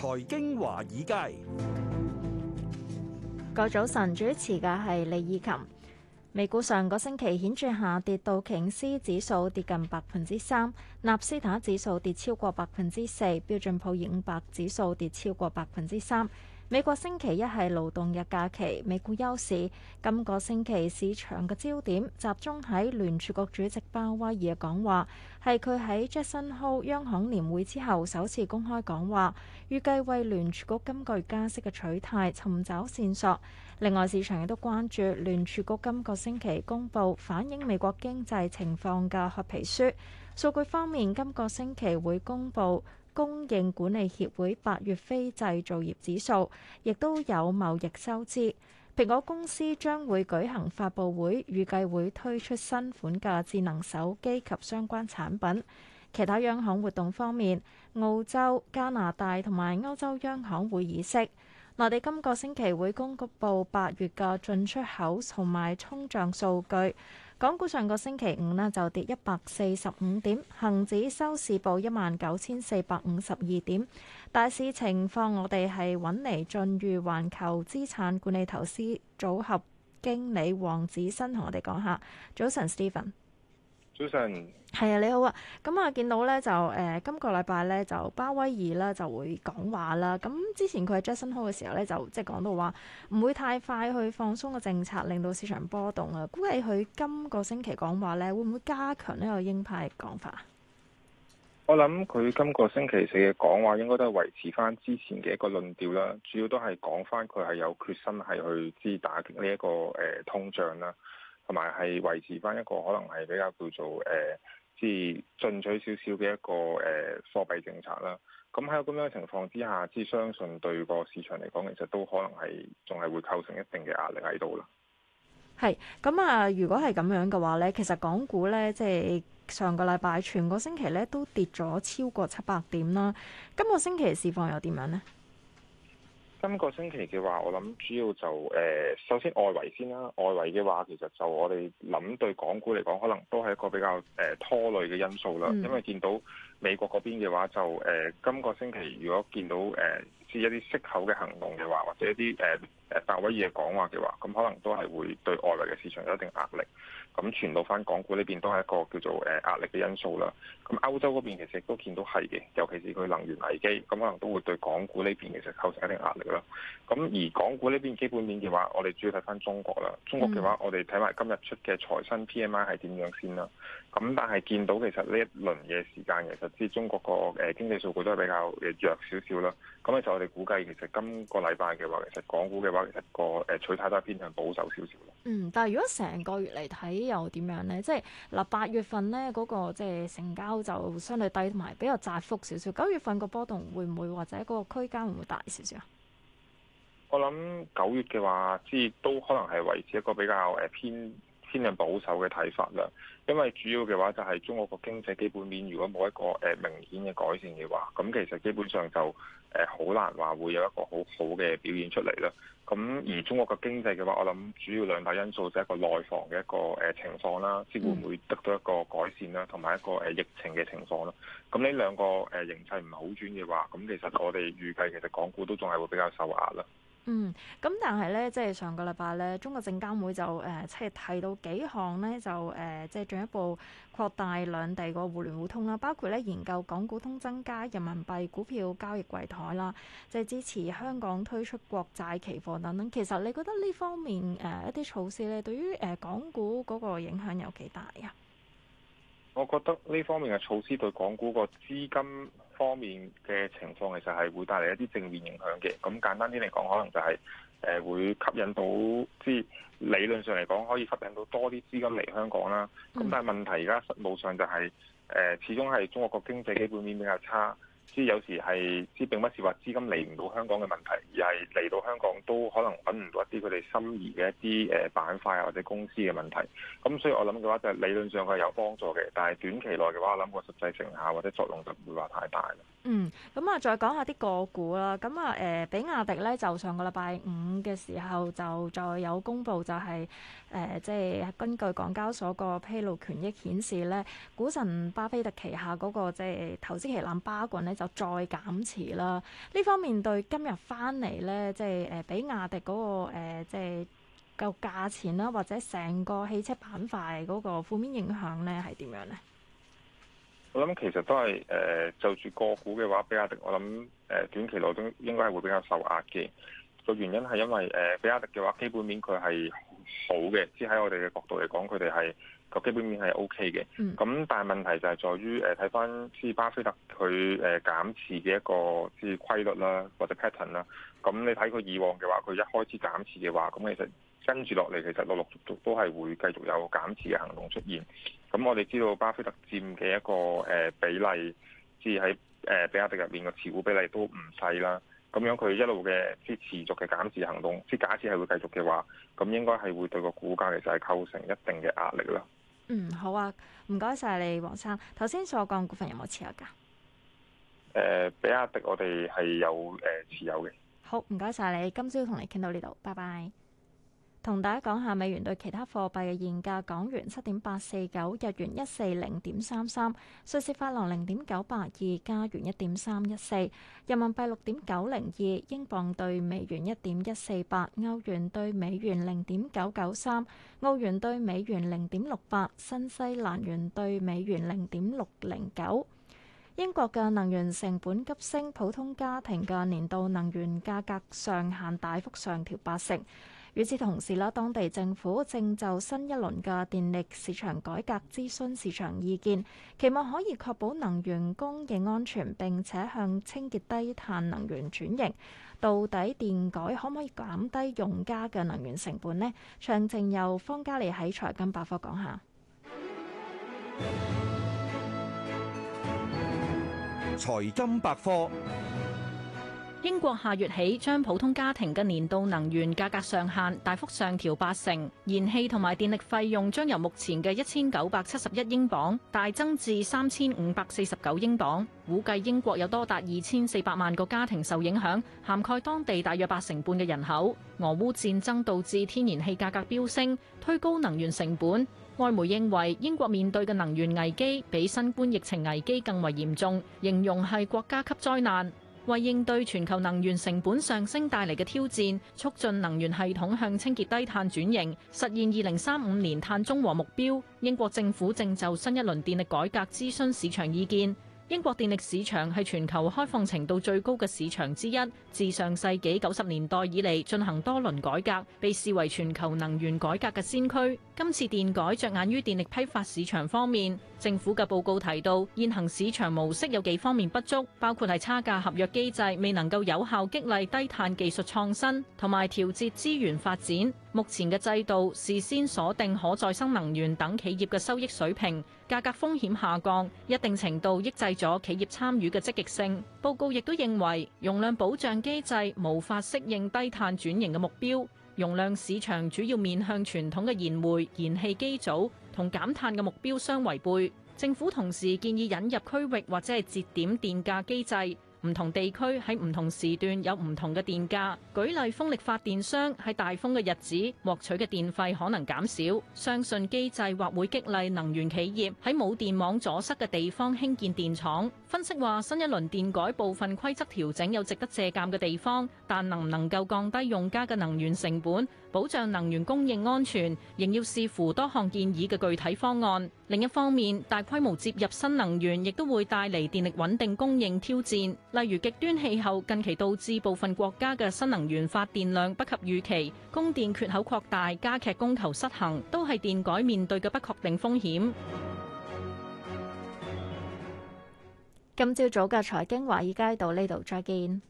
財經華爾街。個早晨主持嘅係李義琴。美股上個星期顯著下跌，道瓊斯指數跌近百分之三，納斯達克指數跌超過百分之四，標準普爾五百指數跌超過百分之三。美國星期一係勞動日假期，美股休市。今個星期市場嘅焦點集中喺聯儲局主席鮑威爾嘅講話，係佢喺傑森豪央行年會之後首次公開講話，預計為聯儲局今個月加息嘅取態尋找線索。另外，市場亦都關注聯儲局今個星期公布反映美國經濟情況嘅褐皮書。數據方面，今個星期會公布。供應管理協會八月非製造業指數，亦都有貿易收支。蘋果公司將會舉行發布會，預計會推出新款嘅智能手機及相關產品。其他央行活動方面，澳洲、加拿大同埋歐洲央行會議息。內地今個星期會公佈八月嘅進出口同埋通脹數據。港股上個星期五呢就跌一百四十五點，恒指收市報一萬九千四百五十二點。大市情況，我哋係揾嚟晉譽環球資產管理投資組合經理黃子新同我哋講下。早晨，Stephen。早晨係啊，你好啊！咁、嗯、啊，見到咧就誒、呃，今個禮拜咧就鮑威爾啦就會講話啦。咁之前佢係 Jackson Hole 嘅時候咧，就即係講到話唔會太快去放鬆個政策，令到市場波動啊。估計佢今個星期講話咧，會唔會加強呢個鷹派嘅講法？我諗佢今個星期四嘅講話應該都係維持翻之前嘅一個論調啦，主要都係講翻佢係有決心係去之打擊呢一個誒通脹啦。同埋係維持翻一個可能係比較叫做誒，即係進取少少嘅一個誒貨幣政策啦。咁喺咁樣嘅情況之下，之相信對個市場嚟講，其實都可能係仲係會構成一定嘅壓力喺度啦。係咁啊！如果係咁樣嘅話咧，其實港股咧，即係上個禮拜全個星期咧都跌咗超過七百點啦。今個星期市況又點樣咧？今個星期嘅話，我諗主要就誒、呃，首先外圍先啦。外圍嘅話，其實就我哋諗對港股嚟講，可能都係一個比較誒、呃、拖累嘅因素啦。嗯、因為見到美國嗰邊嘅話，就誒、呃、今個星期如果見到誒，知、呃、一啲息口嘅行動嘅話，或者一啲誒。呃誒，鮑威爾嘅講話嘅話，咁可能都係會對外嚟嘅市場有一定壓力，咁傳到翻港股呢邊都係一個叫做誒壓力嘅因素啦。咁歐洲嗰邊其實亦都見到係嘅，尤其是佢能源危機，咁可能都會對港股呢邊其實構成一定壓力啦。咁而港股呢邊基本面嘅話，我哋主要睇翻中國啦。中國嘅話，我哋睇埋今日出嘅財新 PMI 係點樣先啦。咁但係見到其實呢一輪嘅時間，其實即係中國個誒經濟數據都係比較弱少少啦。咁其實我哋估計，其實今個禮拜嘅話，其實港股嘅話。一個誒，取態都係偏向保守少少嗯，但係如果成個月嚟睇又點樣咧？即係嗱，八月份咧嗰個即係成交就相對低同埋，比較窄幅少少。九月份個波動會唔會或者嗰個區間會唔會大少少啊？我諗九月嘅話，之都可能係維持一個比較誒偏。偏任保守嘅睇法啦，因為主要嘅話就係中國個經濟基本面如果冇一個誒明顯嘅改善嘅話，咁其實基本上就誒好難話會有一個好好嘅表現出嚟啦。咁而中國嘅經濟嘅話，我諗主要兩大因素就係一個內房嘅一個誒情況啦，即會唔會得到一個改善啦，同埋一個誒疫情嘅情況啦。咁呢兩個誒形勢唔係好轉嘅話，咁其實我哋預計其實港股都仲係會比較受壓啦。嗯，咁但係咧，即係上個禮拜咧，中國證監會就誒，即、呃、係提到幾項咧，就誒、呃，即係進一步擴大兩地個互聯互通啦，包括咧研究港股通增加人民幣股票交易櫃台啦，即係支持香港推出國債期貨等等。其實你覺得呢方面誒、呃、一啲措施咧，對於誒、呃、港股嗰個影響有幾大啊？我覺得呢方面嘅措施對港股個資金。方面嘅情況其實係會帶嚟一啲正面影響嘅，咁簡單啲嚟講，可能就係誒會吸引到，即係理論上嚟講可以吸引到多啲資金嚟香港啦。咁但係問題而家實務上就係誒，始終係中國個經濟基本面比較差。即有時係即並不是話資金嚟唔到香港嘅問題，而係嚟到香港都可能揾唔到一啲佢哋心儀嘅一啲誒板塊啊或者公司嘅問題。咁所以我諗嘅話就係理論上佢係有幫助嘅，但係短期內嘅話，我諗個實際成效或者作用就唔會話太大。嗯，咁啊，再講下啲個股啦。咁啊，誒，比亞迪咧就上個禮拜五嘅時候就再有公布、就是呃，就係誒，即係根據港交所個披露權益顯示咧，股神巴菲特旗下嗰、那個即係、就是、投資旗艦巴郡咧就再減持啦。呢方面對今日翻嚟咧，即係誒比亞迪嗰、那個誒即係夠價錢啦，或者成個汽車板塊嗰個負面影響咧係點樣咧？我諗其實都係誒、呃，就住個股嘅話，比亞迪我諗誒、呃、短期內都應該係會比較受壓嘅。個原因係因為誒、呃、比亞迪嘅話基本面佢係好嘅，即喺我哋嘅角度嚟講，佢哋係個基本面係 OK 嘅。咁、嗯、但係問題就係在於誒睇翻，即、呃、巴菲特佢誒減持嘅一個即係規律啦，或者 pattern 啦。咁你睇佢以往嘅話，佢一開始減持嘅話，咁其實。跟住落嚟，其實陸陸續續都係會繼續有減持嘅行動出現。咁我哋知道巴菲特佔嘅一個誒比例，即係喺誒比亞迪入面嘅持股比例都唔細啦。咁樣佢一路嘅即係持續嘅減持行動，即係假設係會繼續嘅話，咁應該係會對個股價其實係構成一定嘅壓力喇。嗯，好啊，唔該晒你，黃生。頭先所講股份有冇持有㗎？誒、呃，比亞迪我哋係有誒持有嘅。好，唔該晒你。今朝同你傾到呢度，拜拜。同大家講下美元對其他貨幣嘅現價：港元七點八四九，日元一四零點三三，瑞士法郎零點九八二，加元一點三一四，人民幣六點九零二，英鎊對美元一點一四八，歐元對美元零點九九三，澳元對美元零點六八，新西蘭元對美元零點六零九。英國嘅能源成本急升，普通家庭嘅年度能源價格上限大幅上調八成。與此同時啦，當地政府正就新一輪嘅電力市場改革諮詢市場意見，期望可以確保能源供應安全並且向清潔低碳能源轉型。到底電改可唔可以減低用家嘅能源成本呢？詳情由方嘉利喺財金百科講下。財金百科。英國下月起將普通家庭嘅年度能源價格上限大幅上調八成，燃氣同埋電力費用將由目前嘅一千九百七十一英鎊大增至三千五百四十九英鎊，估計英國有多達二千四百萬個家庭受影響，涵蓋當地大約八成半嘅人口。俄烏戰爭導致天然氣價格飆升，推高能源成本。外媒認為英國面對嘅能源危機比新冠疫情危機更為嚴重，形容係國家級災難。為應對全球能源成本上升帶來嘅挑戰，促進能源系統向清潔低碳轉型，實現二零三五年碳中和目標，英國政府正就新一輪電力改革諮詢市場意見。英國電力市場係全球開放程度最高嘅市場之一，自上世紀九十年代以來進行多輪改革，被視為全球能源改革嘅先驅。今次電改着眼於電力批發市場方面。政府嘅報告提到，現行市場模式有幾方面不足，包括係差價合約機制未能夠有效激勵低碳技術創新，同埋調節資源發展。目前嘅制度事先鎖定可再生能源等企業嘅收益水平，價格風險下降，一定程度抑制咗企業參與嘅積極性。報告亦都認為，容量保障機制無法適應低碳轉型嘅目標。容量市場主要面向傳統嘅燃煤、燃氣機組，同減碳嘅目標相違背。政府同時建議引入區域或者係節點電價機制。唔同地區喺唔同時段有唔同嘅電價。舉例，風力發電商喺大風嘅日子獲取嘅電費可能減少。相信機制或會激勵能源企業喺冇電網阻塞嘅地方興建電廠。分析話，新一輪電改部分規則調整有值得借鑑嘅地方，但能唔能夠降低用家嘅能源成本，保障能源供應安全，仍要視乎多項建議嘅具體方案。另一方面，大規模接入新能源亦都會帶嚟電力穩定供應挑戰，例如極端氣候近期導致部分國家嘅新能源發電量不及預期，供電缺口擴大，加劇供求失衡，都係電改面對嘅不確定風險。今朝早嘅財經華爾街到呢度，再見。